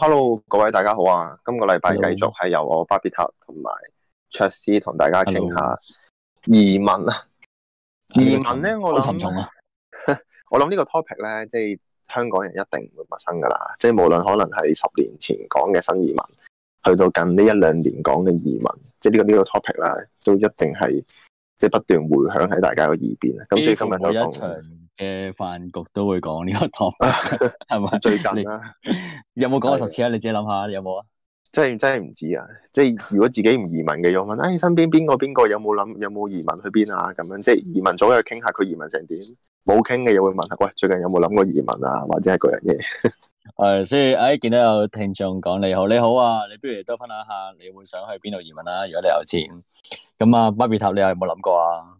hello 各位大家好啊！今個禮拜繼續係由我巴比塔同埋卓斯同大家傾下移民，移民啊。移民咧，我諗我諗呢個 topic 咧，即係香港人一定唔會陌生噶啦。即係無論可能係十年前講嘅新移民，去到近呢一兩年講嘅移民，即係、這個這個、呢個呢個 topic 啦，都一定係即係不斷迴響喺大家嘅耳邊啊。咁、嗯、所以今日再講。嘅飯局都會講呢個 topic 係咪？最近啊， 你有冇講過十次啊？你自己諗下，有冇啊？即係真真係唔知啊！即係如果自己唔移民嘅，又問，哎，身邊邊個邊個有冇諗，有冇移民去邊啊？咁樣即係移民組又傾下佢移民成點，冇傾嘅又會問，喂、哎，最近有冇諗過移民啊？或者係嗰樣嘢？誒、哎，所以誒，見、哎、到有聽眾講你好，你好啊，你不如都分享下你會想去邊度移民啊？如果你有錢，咁啊，巴比塔你有冇諗過啊？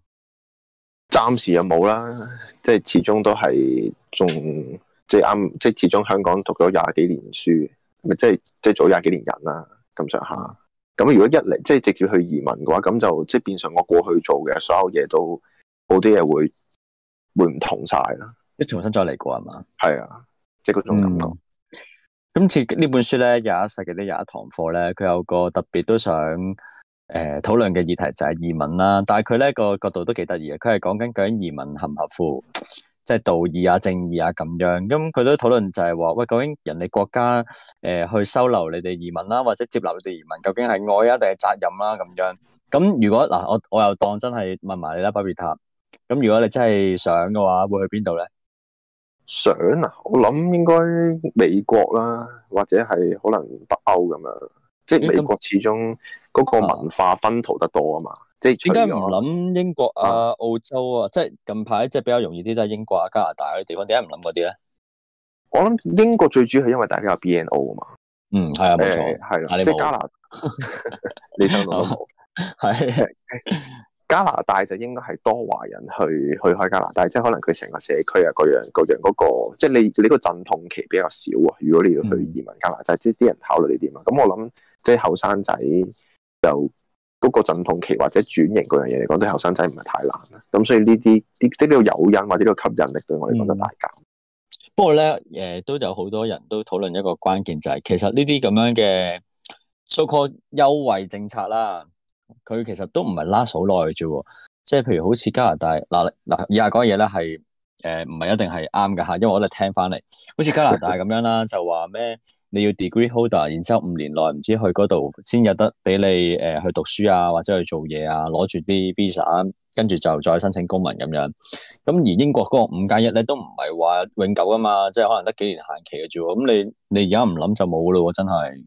暫時又冇啦，即係始終都係仲即係啱，即係始終香港讀咗廿幾年書，咪即係即係做廿幾年人啦咁上下。咁如果一嚟即係直接去移民嘅話，咁就即係變成我過去做嘅所有嘢都好啲嘢會會唔同晒啦，即係重新再嚟過係嘛？係啊，即係嗰種感覺。今次呢本書咧，廿一世紀的廿一堂課咧，佢有個特別都想。誒，討論嘅議題就係移民啦，但係佢咧個角度都幾得意啊。佢係講緊究竟移民合唔合乎，即係道義啊、正義啊咁樣。咁佢都討論就係話喂，究竟人哋國家誒、呃、去收留你哋移民啦，或者接納你哋移民，究竟係愛啊，定係責任啦、啊？咁樣咁如果嗱，我我又當真係問埋你啦，巴別塔咁，如果你真係想嘅話，會去邊度咧？想啊，我諗應該美國啦，或者係可能北歐咁樣，即係美國始終、欸。嗰、那個文化熏陶得多啊嘛，啊即係點解唔諗英國啊、澳洲啊，嗯、即係近排即係比較容易啲都係英國啊、加拿大嗰啲地方，點解唔諗嗰啲咧？我諗英國最主要係因為大家有 BNO 啊嘛，嗯，係啊冇錯，係咯，即係加拿大 你聽到都係 加拿大就應該係多華人去去開加拿大，即係可能佢成個社區啊各樣各樣嗰、那個，即係你你個陣痛期比較少啊、嗯，如果你要去移民加拿大，即啲啲人考慮呢啲啊，咁我諗即係後生仔。就嗰個陣痛期或者轉型嗰樣嘢嚟講，對後生仔唔係太難啦。咁所以呢啲啲即係呢個誘因或者呢個吸引力，對我哋講得大減、嗯。不過咧，誒、呃、都有好多人都討論一個關鍵就係、是，其實呢啲咁樣嘅 so call 優惠政策啦，佢其實都唔係 last 好耐啫。即係譬如好似加拿大嗱嗱以下講嘢咧係誒唔係一定係啱噶吓，因為我哋聽翻嚟，好似加拿大咁樣啦， 就話咩？你要 degree holder，然之後五年內唔知去嗰度先有得俾你誒、呃、去讀書啊，或者去做嘢啊，攞住啲 visa，跟住就再申請公民咁樣。咁而英國嗰個五加一咧都唔係話永久噶嘛，即係可能得幾年限期嘅啫。咁你你而家唔諗就冇咯，真係。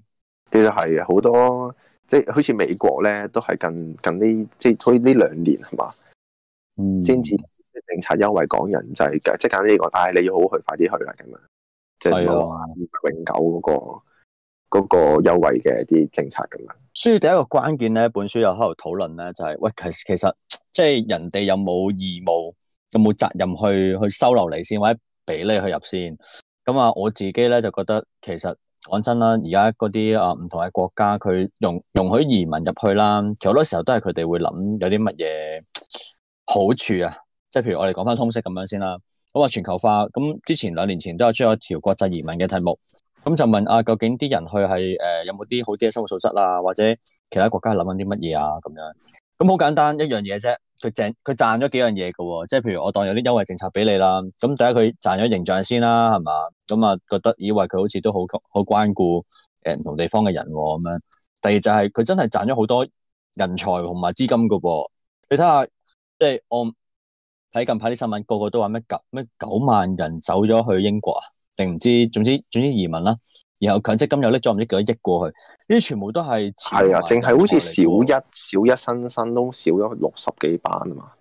其實係好多即係好似美國咧，都係近近呢即係推呢兩年係嘛，嗯，先至政策優惠港人就嘅、是。即係呢個，但係，你要好好去，快啲去啦咁樣。係、就是、永久嗰、嗰個嗰、嗰個、優惠嘅一啲政策咁樣。所以第一個關鍵咧，本書又喺度討論咧，就係、是、喂，其實即係人哋有冇義務、有冇責任去去收留你先，或者俾你去入先。咁啊，我自己咧就覺得其實講真啦，而家嗰啲啊唔同嘅國家，佢容容許移民入去啦，其實好多時候都係佢哋會諗有啲乜嘢好處啊。即係譬如我哋講翻通識咁樣先啦。我話全球化咁，之前兩年前都有出咗條國際移民嘅題目，咁就問啊，究竟啲人去係誒、呃、有冇啲好啲嘅生活素質啊，或者其他國家係諗緊啲乜嘢啊咁樣？咁好簡單一樣嘢啫，佢掙佢賺咗幾樣嘢喎、哦。即係譬如我當有啲優惠政策俾你啦，咁第一佢賺咗形象先啦，係嘛？咁啊覺得以為佢好似都好好關顧誒唔、呃、同地方嘅人咁、哦、樣。第二就係佢真係賺咗好多人才同埋資金噶噃、哦。你睇下，即係我。睇近排啲新聞，個個都話咩九咩九萬人走咗去英國啊，定唔知？總之總之移民啦、啊，然後強積金又拎咗唔知幾多億過去，呢啲全部都係。係啊，定係好似小一小一新生都少咗六十幾班啊嘛，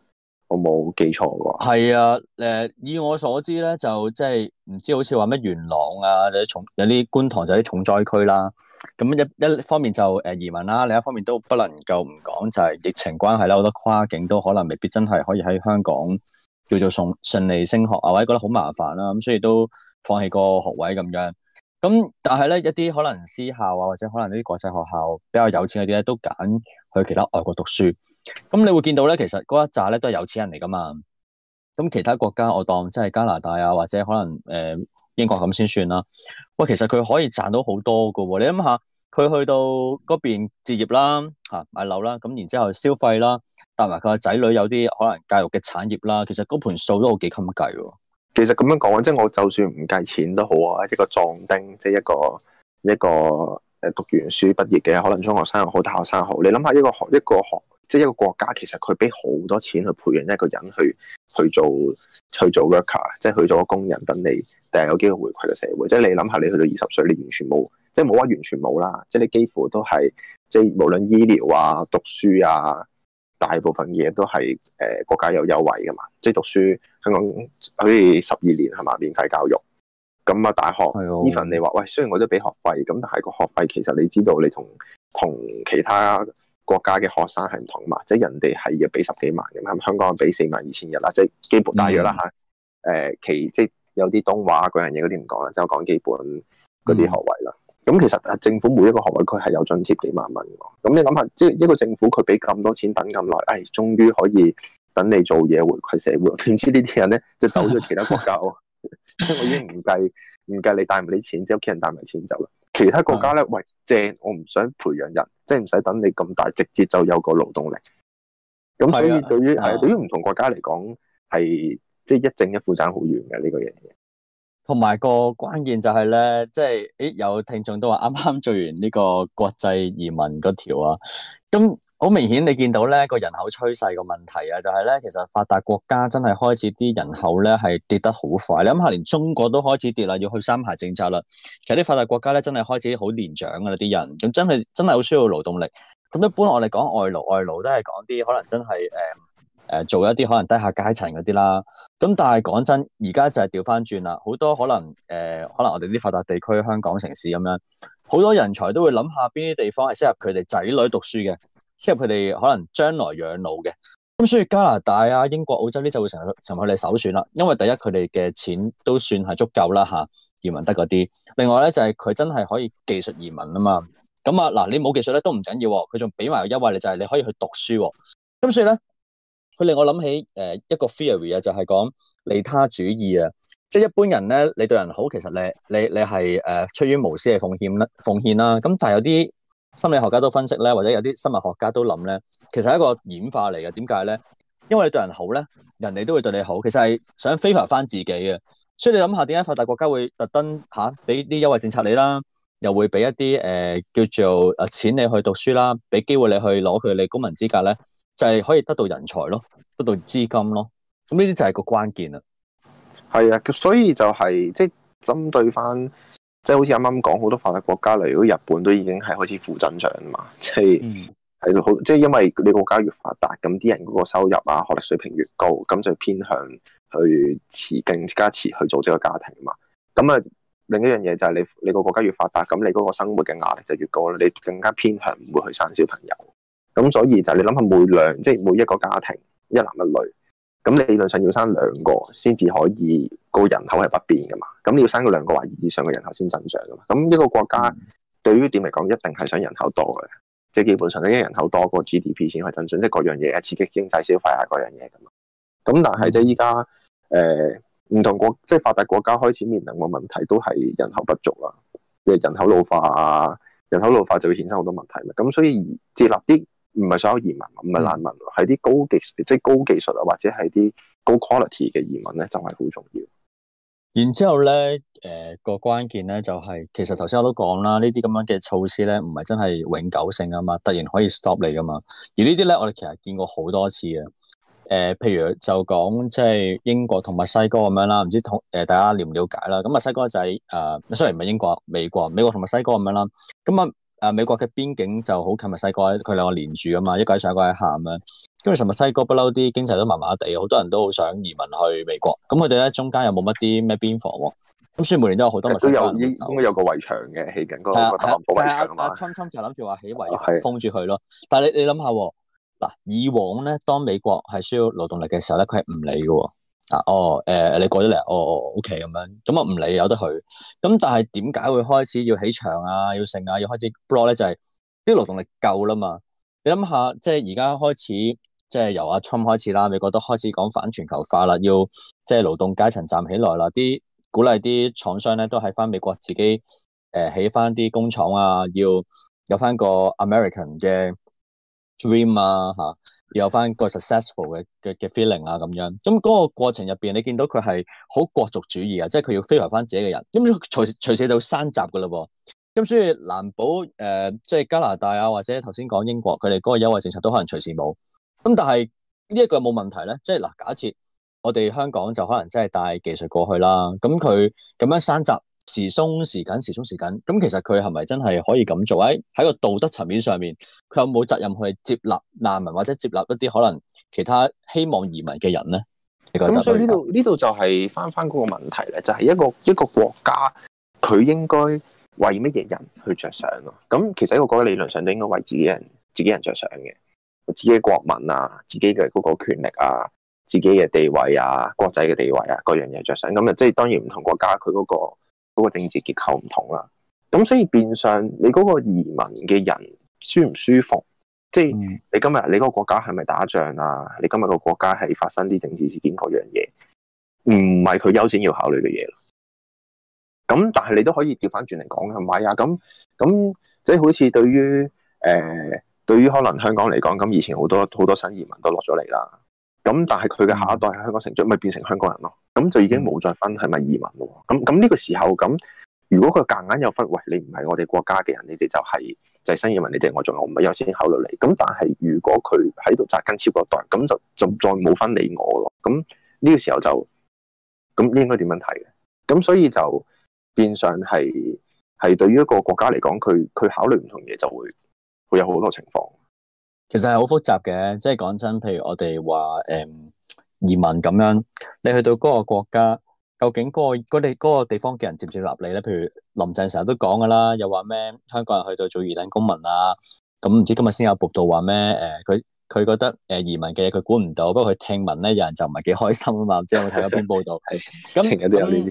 我冇記錯啩。係啊，誒、呃、以我所知咧，就即係唔知好似話咩元朗啊，或、就、者、是、重有啲觀塘就啲重災區啦。咁一一方面就誒移民啦，另一方面都不能夠唔講，就係疫情關係啦，好多跨境都可能未必真係可以喺香港叫做順順利升學啊，或者覺得好麻煩啦，咁所以都放棄個學位咁樣。咁但係咧一啲可能私校啊，或者可能呢啲國際學校比較有錢嗰啲咧，都揀去其他外國讀書。咁你會見到咧，其實嗰一紮咧都係有錢人嚟噶嘛。咁其他國家，我當即係加拿大啊，或者可能誒。呃英國咁先算啦，喂，其實佢可以賺到好多噶，你諗下，佢去到嗰邊置業啦，吓買樓啦，咁然之後消費啦，帶埋佢個仔女有啲可能教育嘅產業啦，其實嗰盤數都好幾襟計。其實咁樣講，即係我就算唔計錢都好啊，一個壯丁，即係一個一個誒讀完書畢業嘅，可能中學生又好，大學生又好，你諗下一個學一個學。即係一個國家，其實佢俾好多錢去培養一個人去去做去做 worker，即係去做工人，去做個工人，等你第日有機會回饋嘅社會。即係你諗下，你去到二十歲，你完全冇，即係冇話完全冇啦。即係你幾乎都係，即係無論醫療啊、讀書啊，大部分嘢都係誒、呃、國家有優惠噶嘛。即係讀書，香港好似十二年係咪？免費教育。咁啊，大學 even 你話喂，雖然我都俾學費，咁但係個學費其實你知道，你同同其他，國家嘅學生係唔同嘛，即係人哋係要俾十幾萬，咁香港係俾四萬二千日啦，即係基本大約啦嚇。誒、嗯呃，其即係有啲東話嗰樣嘢嗰啲唔講啦，即係講基本嗰啲學位啦。咁、嗯、其實政府每一個學位佢係有津貼幾萬蚊嘅。咁你諗下，即係一個政府佢俾咁多錢等咁耐，唉、哎，終於可以等你做嘢回饋社會，點知呢啲人咧，就走咗其他國家喎。 即係我已經唔計唔計你帶唔啲錢，即係屋企人帶埋錢走啦。其他國家咧、嗯，喂，正我唔想培養人。即係唔使等你咁大，直接就有個勞動力。咁所以對於係對於唔同國家嚟講，係即係一正一負爭好遠嘅呢個嘢。同埋個關鍵就係咧，即係誒有聽眾都話啱啱做完呢個國際移民嗰條啊。咁好明顯你見到咧，個人口趨勢個問題啊，就係、是、咧其實發達國家真係開始啲人口咧係跌得好快。你諗下，連中國都開始跌啦，要去三孩政策啦。其實啲發達國家咧真係開始好年長噶啦啲人，咁真係真係好需要勞動力。咁一般我哋講外勞，外勞都係講啲可能真係誒誒做一啲可能低下階層嗰啲啦。咁但係講真，而家就係調翻轉啦，好多可能誒、呃、可能我哋啲發達地區香港城市咁樣，好多人才都會諗下邊啲地方係適合佢哋仔女讀書嘅。即係佢哋可能將來養老嘅，咁所以加拿大啊、英國、澳洲呢就會成為成為佢哋首選啦。因為第一佢哋嘅錢都算係足夠啦吓，移民得嗰啲。另外咧就係、是、佢真係可以技術移民啊嘛。咁啊嗱，你冇技術咧都唔緊要，佢仲俾埋個優惠你，就係、是、你可以去讀書。咁所以咧，佢令我諗起誒、呃、一個 theory 啊，就係、是、講利他主義啊。即係一般人咧，你對人好，其實你你你係誒、呃、出於無私嘅奉獻啦，奉獻啦、啊。咁但係有啲心理學家都分析咧，或者有啲生物學家都諗咧，其實係一個演化嚟嘅。點解咧？因為你對人好咧，人哋都會對你好。其實係想 favour 翻自己嘅。所以你諗下，點解發達國家會特登吓俾啲優惠政策你啦，又會俾一啲誒、呃、叫做誒錢你去讀書啦，俾機會你去攞佢哋公民資格咧，就係、是、可以得到人才咯，得到資金咯。咁呢啲就係個關鍵啦。係啊，所以就係即係針對翻。即係好似啱啱講好多發達國家嚟，例如果日本都已經係開始負增長啊嘛，即係係咯，即係，嗯，因為你個國家越發達，咁啲人嗰個收入啊、學歷水平越高，咁就偏向去持更加持去做一個家庭啊嘛。咁啊，另一樣嘢就係你你個國家越發達，咁你嗰個生活嘅壓力就越高啦，你更加偏向唔會去生小朋友。咁所以就你諗下每兩即係每一個家庭一男一女，咁你理論上要生兩個先至可以個人口係不變噶嘛。咁你要生個兩個或以上嘅人口先增長噶嘛？咁一個國家對於點嚟講，一定係想人口多嘅，即係基本上咧，因為人口多、個 GDP 先去增長，即係各樣嘢啊，刺激經濟消費啊，各樣嘢咁嘛。咁但係即係依家誒唔同國，即係發達國家開始面臨嘅問題都係人口不足啦，即係人口老化啊，人口老化就會衍生好多問題嘛。咁所以而接納啲。唔係所有移民，唔係難民喎，係啲高技術即係高技術啊，或者係啲高 quality 嘅移民咧，就係、是、好重要。然之後咧，誒、呃、個關鍵咧就係、是，其實頭先我都講啦，呢啲咁樣嘅措施咧，唔係真係永久性啊嘛，突然可以 stop 你噶嘛。而這些呢啲咧，我哋其實見過好多次啊。誒、呃，譬如就講即係、就是、英國同墨西哥咁樣啦，唔知同誒大家了唔了解啦。咁墨西哥仔、就是，係、呃、誒雖然唔係英國、美國，美國同墨西哥咁樣啦，咁啊。美國嘅邊境就好近墨西哥，佢兩個連住啊嘛，一個喺上一個喺下啊，跟住墨西哥不嬲啲經濟都麻麻地，好多人都好想移民去美國，咁佢哋咧中間有冇乜啲咩邊防喎？咁所以每年都有好多物都翻應該有個圍牆嘅，起緊嗰個、啊啊。就川普就諗住話起圍，封住佢咯、啊啊。但係你你諗下，嗱，以往咧，當美國係需要勞動力嘅時候咧，佢係唔理嘅。啊、哦、呃，你過咗嚟哦哦，OK 咁樣，咁啊唔理由得佢，咁但係點解會開始要起場啊，要成啊，要開始 blog 咧？就係、是、啲勞動力夠啦嘛。你諗下，即係而家開始即係由阿 Trump 開開始啦，美國都開始講反全球化啦，要即係勞動階層站起來啦，啲鼓勵啲廠商咧都喺翻美國自己誒起翻啲工廠啊，要有翻個 American 嘅。dream 啊，吓有翻個 successful 嘅嘅嘅 feeling 啊，咁樣咁嗰個過程入面，你見到佢係好國族主義啊，即係佢要飛回翻自己嘅人，咁隨隨時到山集噶嘞喎，咁所以難保誒即係加拿大啊，或者頭先講英國，佢哋嗰個優惠政策都可能隨時冇，咁但係呢一個有冇問題咧？即係嗱，假設我哋香港就可能真係帶技術過去啦，咁佢咁樣閂閘。時鬆時緊，時鬆時緊。咁其實佢係咪真係可以咁做？喺、哎、喺個道德層面上面，佢有冇責任去接納難民或者接納一啲可能其他希望移民嘅人咧？你覺得可以？所以呢度呢度就係翻翻嗰個問題咧，就係、係、一個一個國家佢應該為乜嘢人去着想咯？咁其實我覺得理論上都應該為自己人、自己人著想嘅，自己嘅國民啊、自己嘅嗰個權力啊、自己嘅地位啊、國際嘅地位啊，各樣嘢着想。咁啊，即係當然唔同國家佢嗰、嗰個。嗰個政治結構唔同啦，咁所以變相你嗰個移民嘅人舒唔舒服，即係你今日你嗰個國家係咪打仗啊？你今日個國家係發生啲政治事件嗰樣嘢，唔係佢優先要考慮嘅嘢咯。咁但係你都可以調翻轉嚟講嘅，係咪啊。咁咁即係好似對於誒、呃、對於可能香港嚟講，咁以前好多好多新移民都落咗嚟啦。咁但係佢嘅下一代喺香港成長，咪變成香港人咯？咁、嗯、就已經冇再分係咪移民咯。咁咁呢個時候，咁如果佢夾硬有分，喂，你唔係我哋國家嘅人，你哋就係、是、就係、是、新移民，你哋我仲有唔係優先考慮嚟。咁但係如果佢喺度扎根超過一代，咁就就再冇分你我咯。咁呢個時候就咁應該點樣睇嘅？咁所以就變相係係對於一個國家嚟講，佢佢考慮唔同嘢就會會有好多情況。其實係好複雜嘅，即係講真，譬如我哋話誒。嗯移民咁樣，你去到嗰個國家，究竟嗰、嗰個嗰地、嗰個地方嘅人接唔接納你咧？譬如林鄭成日都講噶啦，又話咩香港人去到做二等公民啊。咁、嗯、唔知道今日先有報道話咩？誒、呃，佢佢覺得誒移民嘅嘢佢估唔到，不過佢聽聞咧，有人就唔係幾開心啊嘛。即係我睇咗篇報道係咁，情嘅都有呢啲誒，唔、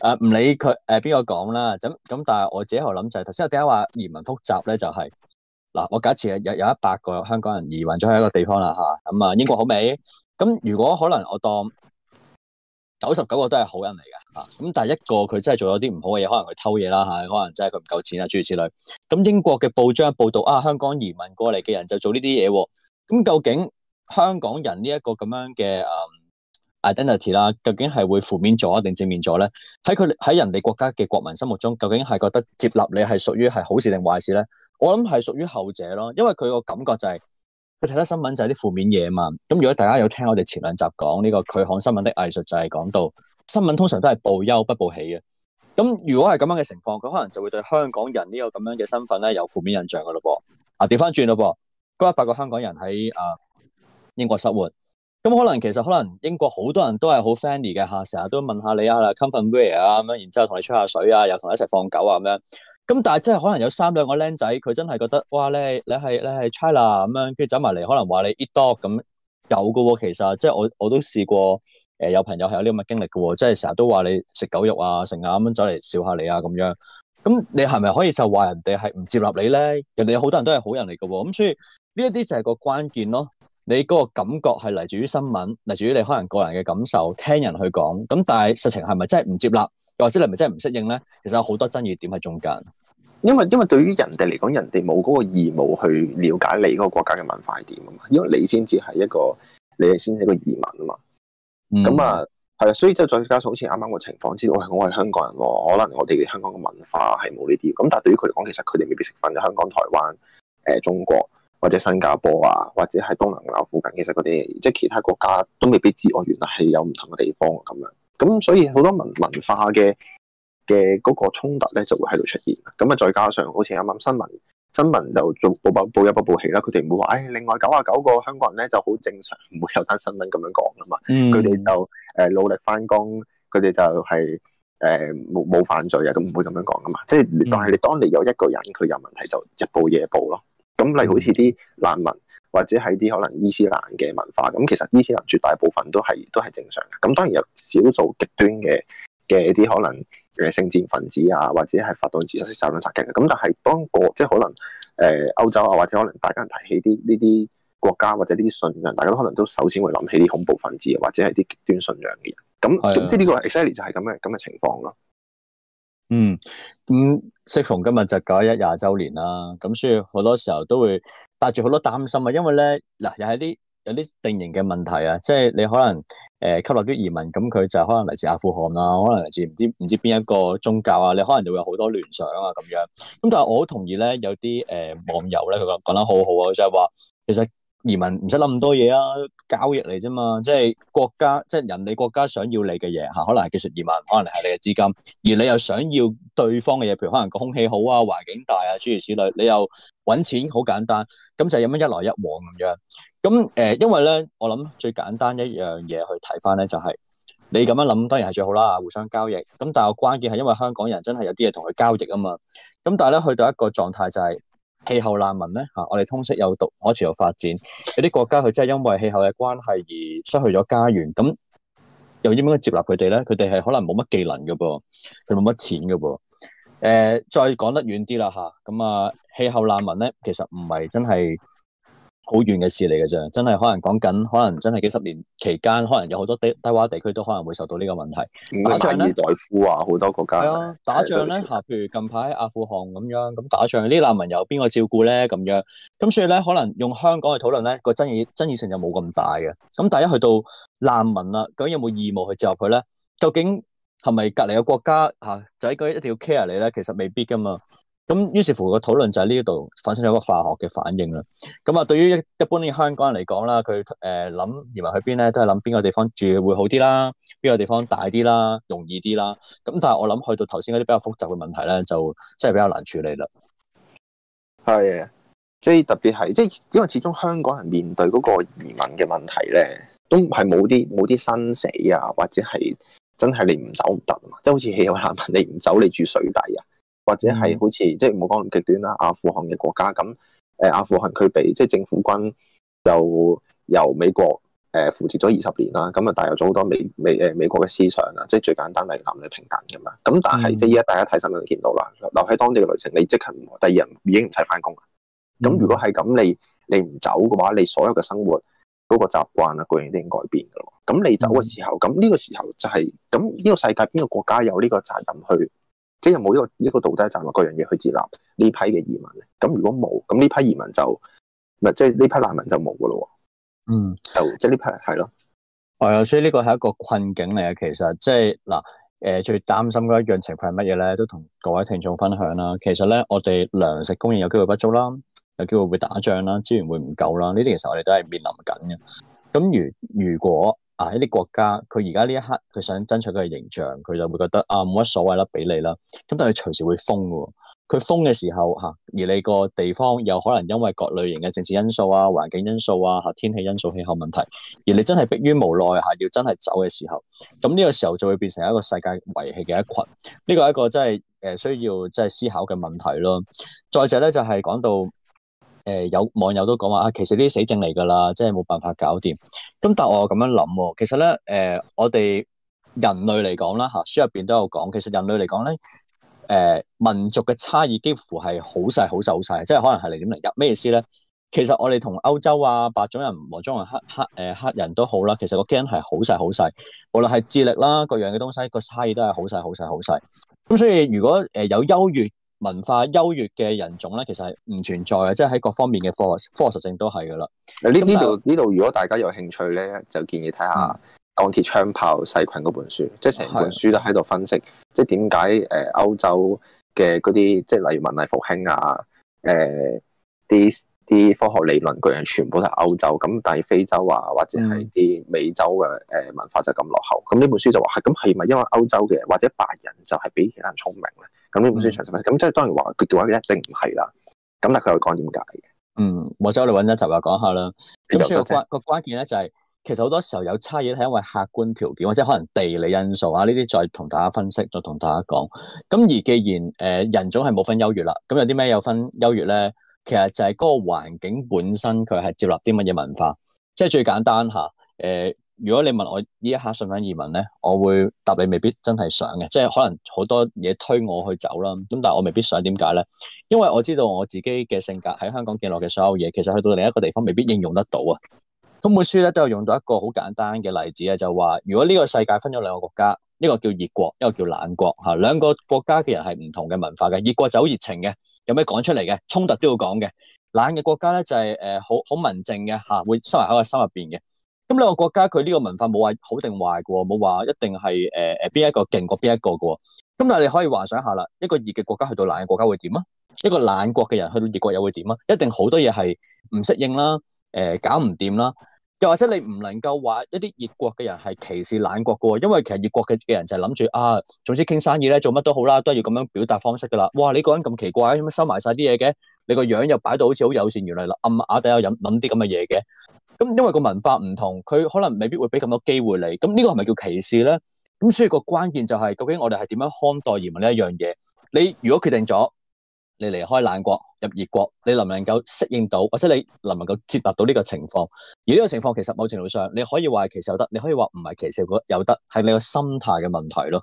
嗯 嗯啊、理佢誒，邊個講啦？咁咁，但係我自己喺度諗就係頭先我點解話移民複雜咧，就係、是、嗱、啊，我假設有有一百個香港人移民咗去一個地方啦吓，咁啊、嗯、英國好未。 咁如果可能，我當九十九個都係好人嚟嘅，啊咁但一個佢真係做咗啲唔好嘅嘢，可能佢偷嘢啦吓，可能真係佢唔夠錢啊，諸如此類。咁英國嘅報章報道啊，香港移民過嚟嘅人就做呢啲嘢。咁究竟香港人呢一個咁樣嘅誒、嗯、identity 啦，究竟係會負面咗定正面咗咧？喺佢喺人哋國家嘅國民心目中，究竟係覺得接納你係屬於係好事定壞事咧？我諗係屬於後者咯，因為佢個感覺就係、是。佢睇得新聞就係啲負面嘢嘛，咁如果大家有聽我哋前兩集講呢個拒看新聞的藝術，就係講到新聞通常都係報憂不報喜嘅，咁如果係咁樣嘅情況，佢可能就會對香港人呢個咁樣嘅身份咧有負面印象噶咯噃，啊調翻轉咯噃，嗰一百個香港人喺、啊、英國生活，咁可能其實可能英國好多人都係好 friendly 嘅吓，成日都問下你啊，come from where 啊咁樣，然之後同你吹下水啊，又同你一齊放狗啊咁樣。咁但係真係可能有三兩個僆仔，佢真係覺得哇！你係你係你係 China 咁樣，跟住走埋嚟，可能話你 eat dog 咁，有噶喎、哦。其實即係我我都試過誒，有朋友係有呢咁嘅經歷噶喎。即係成日都話你食狗肉啊，成日咁樣走嚟笑下你啊咁樣。咁你係咪可以就話人哋係唔接納你咧？人哋有好多人都係好人嚟㗎喎。咁所以呢一啲就係個關鍵咯。你嗰個感覺係嚟自於新聞，嚟自於你可能個人嘅感受，聽人去講。咁但係實情係咪真係唔接納？又或者你咪真係唔適應咧？其實有好多爭議點喺中間。因為因為對於人哋嚟講，人哋冇嗰個義務去了解你嗰個國家嘅文化係點啊嘛。因為你先至係一個你先至係一個移民啊嘛。咁、嗯、啊係啊。所以即係再加上好似啱啱個情況之，道、哎、我係香港人喎，可能我哋香港嘅文化係冇呢啲。咁但係對於佢嚟講，其實佢哋未必識分嘅香港、台灣、誒、呃、中國或者新加坡啊，或者係東南亞附近。其實嗰啲即係其他國家都未必知道我原來係有唔同嘅地方咁樣。咁所以好多文文化嘅嘅嗰個衝突咧就會喺度出現，咁啊再加上好似啱啱新聞新聞就做報報報入嗰部戲啦，佢哋唔會話，誒、哎、另外九啊九個香港人咧就好正常，唔會有單新聞咁樣講噶嘛，佢、嗯、哋就誒、呃、努力翻工，佢哋就係誒冇冇犯罪啊，咁唔會咁樣講噶嘛，即、嗯、係但係你當你有一個人佢有問題就日報夜報咯，咁你好似啲難民。或者係啲可能伊斯蘭嘅文化，咁其實伊斯蘭絕大部分都係都係正常嘅。咁當然有少數極端嘅嘅啲可能嘅聖戰分子啊，或者係發動自殺式襲擊嘅。咁 但係當個即係可能誒、呃、歐洲啊，或者可能大家提起啲呢啲國家或者呢啲信仰，大家都可能都首先會諗起啲恐怖分子或者係啲極端信仰嘅人。咁即係呢個 exactly 就係咁嘅咁嘅情況咯。嗯，咁、嗯、適逢今日就九一廿週年啦，咁所以好多時候都會帶住好多擔心啊，因為咧嗱，又係啲有啲定型嘅問題啊，即係你可能誒、呃、吸納啲移民，咁佢就可能嚟自阿富汗啊，可能嚟自唔知唔知邊一個宗教啊，你可能就會有好多聯想啊咁樣。咁但係我好同意咧，有啲誒、呃、網友咧佢講講得好好啊，就係、是、話其實。移民唔使諗咁多嘢啊，交易嚟啫嘛，即係國家，即係人哋國家想要你嘅嘢嚇，可能係技術移民，可能係你嘅資金，而你又想要對方嘅嘢，譬如可能個空氣好啊，環境大啊，諸如此類，你又揾錢好簡單，咁就係咁樣一來一往咁樣。咁誒、呃，因為咧，我諗最簡單一樣嘢去睇翻咧，就係你咁樣諗當然係最好啦，互相交易。咁但係關鍵係因為香港人真係有啲嘢同佢交易啊嘛。咁但係咧去到一個狀態就係。氣候難民咧嚇，我哋通識有讀，可持續發展，有啲國家佢真係因為氣候嘅關係而失去咗家園，咁又應唔應該接納佢哋咧？佢哋係可能冇乜技能嘅噃，佢冇乜錢嘅噃。誒，再講得遠啲啦嚇，咁啊氣候難民咧，其實唔係真係。好遠嘅事嚟嘅啫，真係可能講緊，可能真係幾十年期間，可能有好多低低窪地區都可能會受到呢個問題。打仗，馬爾代夫啊，好多國家。係啊，打仗咧吓，譬如近排阿富汗咁樣，咁打仗啲難民有邊個照顧咧？咁樣，咁所以咧，可能用香港去討論咧個爭議，爭議性就冇咁大嘅。咁第一去到難民啊，究竟有冇義務去接合佢咧？究竟係咪隔籬嘅國家吓就喺嗰一定要 care 你咧？其實未必噶嘛。咁於是乎個討論就喺呢一度發生咗一個化學嘅反應啦。咁啊，對於一一般啲香港人嚟講啦，佢誒諗移民去邊咧，都係諗邊個地方住會好啲啦，邊個地方大啲啦，容易啲啦。咁但係我諗去到頭先嗰啲比較複雜嘅問題咧，就真係比較難處理啦。係啊，即係特別係，即係因為始終香港人面對嗰個移民嘅問題咧，都係冇啲冇啲生死啊，或者係真係你唔走唔得啊嘛，即係好似氣候難民，你唔走你住水底啊。或者係好似即唔好講極端啦，阿富汗嘅國家咁，誒，阿富汗佢俾即係政府軍就由美國誒、呃、扶持咗二十年啦，咁啊，但係帶有咗好多美美誒、呃、美國嘅思想啊，即係最簡單係男女平等咁啊。咁但係即係依家大家睇新聞見到啦，留喺當地嘅旅程，你即係第二日已經唔使返工。咁、嗯、如果係咁，你你唔走嘅話，你所有嘅生活嗰、那個習慣啊，固然都已經改變㗎啦。咁你走嘅時候，咁、嗯、呢個時候就係咁呢個世界邊個國家有呢個責任去？即係冇一個一個道德站或各樣嘢，去接納呢批嘅移民，咁如果冇，咁呢批移民就唔即係呢批難民就冇噶咯。嗯，就即係呢批係咯。係啊，所以呢個係一個困境嚟啊。其實即係嗱，誒、呃、最擔心嗰一樣情況係乜嘢咧？都同各位聽眾分享啦。其實咧，我哋糧食供應有機會不足啦，有機會會打仗啦，資源會唔夠啦。呢啲其實我哋都係面臨緊嘅。咁如如果啊！一啲國家，佢而家呢一刻，佢想爭取佢嘅形象，佢就會覺得啊，冇乜所謂啦，俾你啦。咁但係隨時會封喎。佢封嘅時候、啊、而你個地方有可能因為各類型嘅政治因素啊、環境因素啊、啊天氣因素、氣候問題，而你真係迫於無奈、啊、要真係走嘅時候，咁呢個時候就會變成一個世界遺棄嘅一群。呢、個係一個真係、呃、需要真係思考嘅問題咯。再者咧，就係、是、講到。誒、呃，有網友都講話啊，其實呢啲死症嚟㗎啦，真係冇辦法搞掂。咁但係我咁樣諗喎、哦，其實咧，誒、呃，我哋人類嚟講啦，嚇書入邊都有講，其實人類嚟講咧，誒、呃，民族嘅差異幾乎係好細好細好細，即係可能係零點零一。咩意思咧？其實我哋同歐洲啊，白種人、黃種人、黑黑誒黑人都好啦，其實個基因係好細好細，無論係智力啦，各樣嘅東西，嘅東西個差異都係好細好細好細。咁所以如果誒、呃、有優越。文化優越嘅人種咧，其實係唔存在嘅，即係喺各方面嘅科學科學實證都係噶啦。誒，呢呢度呢度，如果大家有興趣咧，就建議睇下《鋼鐵槍炮細菌》嗰本書，即係成本書都喺度分析，即係點解誒歐洲嘅嗰啲，即係、呃、例如文藝復興啊，誒啲啲科學理論巨人全部都係歐洲咁，但係非洲啊或者係啲美洲嘅誒文化就咁落後。咁、嗯、呢本書就話係咁係咪因為歐洲嘅或者白人就係比其他人聰明咧？咁、嗯、咁即係當然話佢嘅話一定唔係啦。咁但佢有講點解嘅。嗯，或者我哋搵一集話講下啦。咁所以個個關鍵咧就係、是，其實好多時候有差異係因為客觀條件，或者可能地理因素啊呢啲，再同大家分析，再同大家講。咁而既然誒、呃、人種係冇分優越啦，咁有啲咩有分優越咧？其實就係嗰個環境本身，佢係接納啲乜嘢文化，即係最簡單嚇誒。呃如果你問我呢一刻想唔想移民咧，我會答你未必真係想嘅，即係可能好多嘢推我去走啦，咁但我未必想，點解咧？因為我知道我自己嘅性格喺香港建立嘅所有嘢，其實去到另一個地方未必應用得到啊。咁本書咧都有用到一個好簡單嘅例子啊，就話如果呢個世界分咗兩個國家，一個叫熱國，一個叫冷國吓，兩個國家嘅人係唔同嘅文化嘅，熱國就好熱情嘅，有咩講出嚟嘅，衝突都要講嘅，冷嘅國家咧就係誒好好文靜嘅吓，會收埋喺個心入邊嘅。咁、嗯、兩、這個國家，佢呢個文化冇話好定壞嘅，冇話一定係誒誒邊一個勁過邊一個嘅。咁但係你可以幻想下啦，一個熱嘅國家去到冷嘅國家會點啊？一個冷國嘅人去到熱國又會點啊？一定好多嘢係唔適應啦，誒、呃、搞唔掂啦。又或者你唔能夠話一啲熱國嘅人係歧視冷國嘅，因為其實熱國嘅嘅人就係諗住啊，總之傾生意咧做乜都好啦，都係要咁樣表達方式噶啦。哇，你個人咁奇怪，收埋晒啲嘢嘅，你個樣又擺到好似好友善原理，原來啦暗啞底有隱諗啲咁嘅嘢嘅。咁因為個文化唔同，佢可能未必會俾咁多機會你。咁呢個係咪叫歧視咧？咁所以個關鍵就係究竟我哋係點樣看待移民呢一樣嘢？你如果決定咗你離開冷國入熱國，你能唔能夠適應到，或者你能唔能夠接納到呢個情況？而呢個情況其實某程度上你可以話係歧視有得，你可以話唔係歧視，有得係你個心態嘅問題咯。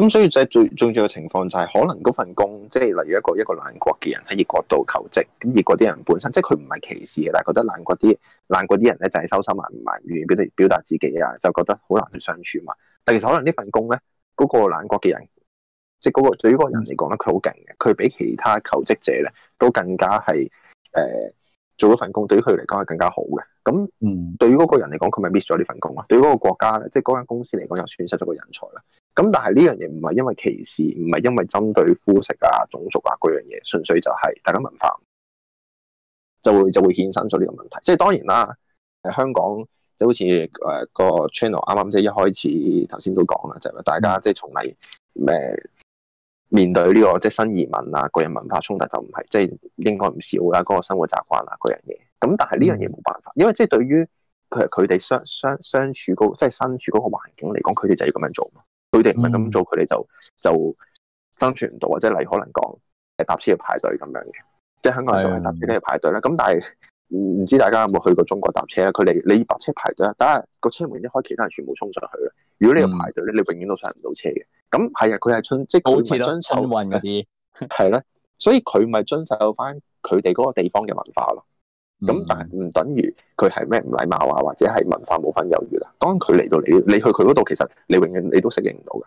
咁所以就係最重要嘅情況就係，可能嗰份工，即係例如一個一個冷國嘅人喺熱國度求職，咁熱國啲人本身即係佢唔係歧視嘅，但係覺得冷國啲冷國啲人咧就係收收埋唔埋，唔願意表達表達自己啊，就覺得好難去相處嘛。但其實可能呢份工咧，嗰個冷國嘅人，即係嗰個對於嗰個人嚟講咧，佢好勁嘅，佢比其他求職者咧都更加係誒做嗰份工，對於佢嚟講係更加好嘅。咁嗯，對於嗰個人嚟講，佢咪 miss 咗呢份工啊？對嗰個國家咧，即係嗰間公司嚟講，又損失咗個人才啦。咁但係呢樣嘢唔係因為歧視，唔係因為針對膚色啊、種族啊嗰樣嘢，純粹就係大家文化就會就會衍生咗呢個問題。即係當然啦，喺香港就好似誒個 channel 啱啱即係一開始頭先都講啦，就係大家即係從嚟誒面對呢個即係新移民啊，個人文化衝突就唔係即係應該唔少啦。嗰個生活習慣啊，嗰樣嘢。咁但係呢樣嘢冇辦法，因為即係對於佢佢哋相相相處即係身處嗰個環境嚟講，佢哋就要咁樣做。佢哋唔係咁做，佢、嗯、哋就就生存唔到或者係例可能講，誒搭車要排隊咁樣嘅，即係香港人就係搭車咧要排隊啦。咁、嗯、但係唔唔知大家有冇去過中國搭車咧？佢哋你搭車排隊啊，打下個車門一開，其他人全部衝上去啦。如果你要排隊咧、嗯，你永遠都上唔到車嘅。咁係啊，佢係遵即係唔遵守嗰啲，係咯。所以佢咪遵守翻佢哋嗰個地方嘅文化咯。咁、嗯、但係唔等於佢係咩唔禮貌啊，或者係文化冇分猶豫啦。當佢嚟到你，你去佢嗰度，其實你永遠你都適應唔到嘅。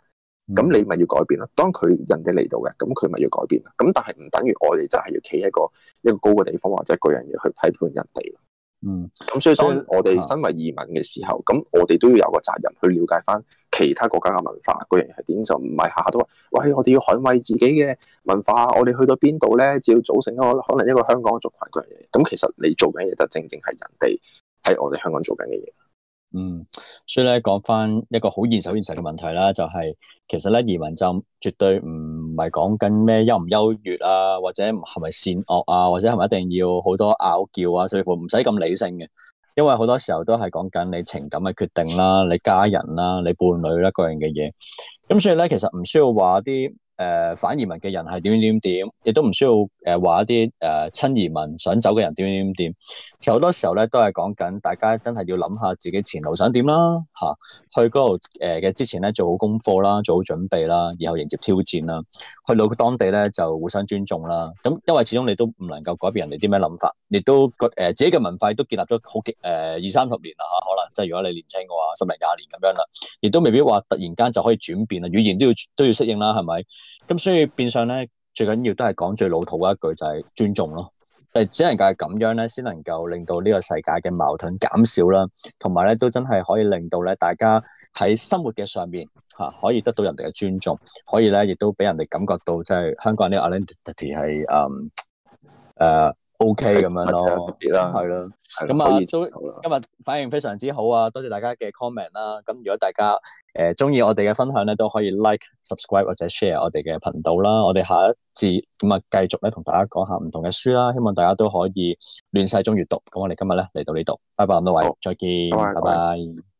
咁、嗯、你咪要改變啦。當佢人哋嚟到嘅，咁佢咪要改變啦。咁但係唔等於我哋就係要企喺一個一個高嘅地方或者個人要去批判人哋。嗯，咁所以當我哋身為移民嘅時候，咁我哋都要有個責任去了解翻其他國家嘅文化，個人係點就唔係下下都話喂，我哋要捍衛自己嘅文化，我哋去到邊度咧，只要組成一個可能一個香港嘅族群嘅嘢。咁其實你做緊嘢就正正係人哋喺我哋香港做緊嘅嘢。嗯，所以咧講翻一個好現實現實嘅問題啦，就係、是、其實咧移民就絕對唔。唔係講緊咩優唔優越啊，或者係咪善惡啊，或者係咪一定要好多拗撬啊，所以乎唔使咁理性嘅，因為好多時候都係講緊你情感嘅決定啦，你家人啦，你伴侶啦各樣嘅嘢，咁所以咧其實唔需要話啲。誒、呃、反移民嘅人係點點點點，亦都唔需要誒話、呃、一啲誒、呃、親移民想走嘅人點點點點。其實好多時候咧，都係講緊大家真係要諗下自己前路想點啦，嚇、啊、去嗰度誒嘅之前咧做好功課啦，做好準備啦，然後迎接挑戰啦。去到當地咧就互相尊重啦。咁因為始終你都唔能夠改變人哋啲咩諗法，亦都誒、呃、自己嘅文化都建立咗好幾二三十年啦嚇、啊，可能即係如果你年輕嘅話，十年廿年咁樣啦，亦都未必話突然間就可以轉變啦，語言都要都要適應啦，係咪？咁所以變相咧，最緊要都係講最老土嘅一句，就係、是、尊重咯。誒，只能夠係咁樣咧，先能夠令到呢個世界嘅矛盾減少啦，同埋咧都真係可以令到咧，大家喺生活嘅上面吓、啊，可以得到人哋嘅尊重，可以咧亦都俾人哋感覺到即係、就是、香港啲 identity 係誒誒 OK 咁樣咯。特別啦，係咯，咁啊都今日反應非常之好啊！多謝大家嘅 comment 啦。咁如果大家誒、呃，中意我哋嘅分享咧，都可以 like、subscribe 或者 share 我哋嘅頻道啦。我哋下一節咁啊，繼、嗯、續咧同大家講下唔同嘅書啦。希望大家都可以亂世中閱讀。咁我哋今日咧嚟到呢度，拜拜，咁多位再見，拜拜。拜拜拜拜。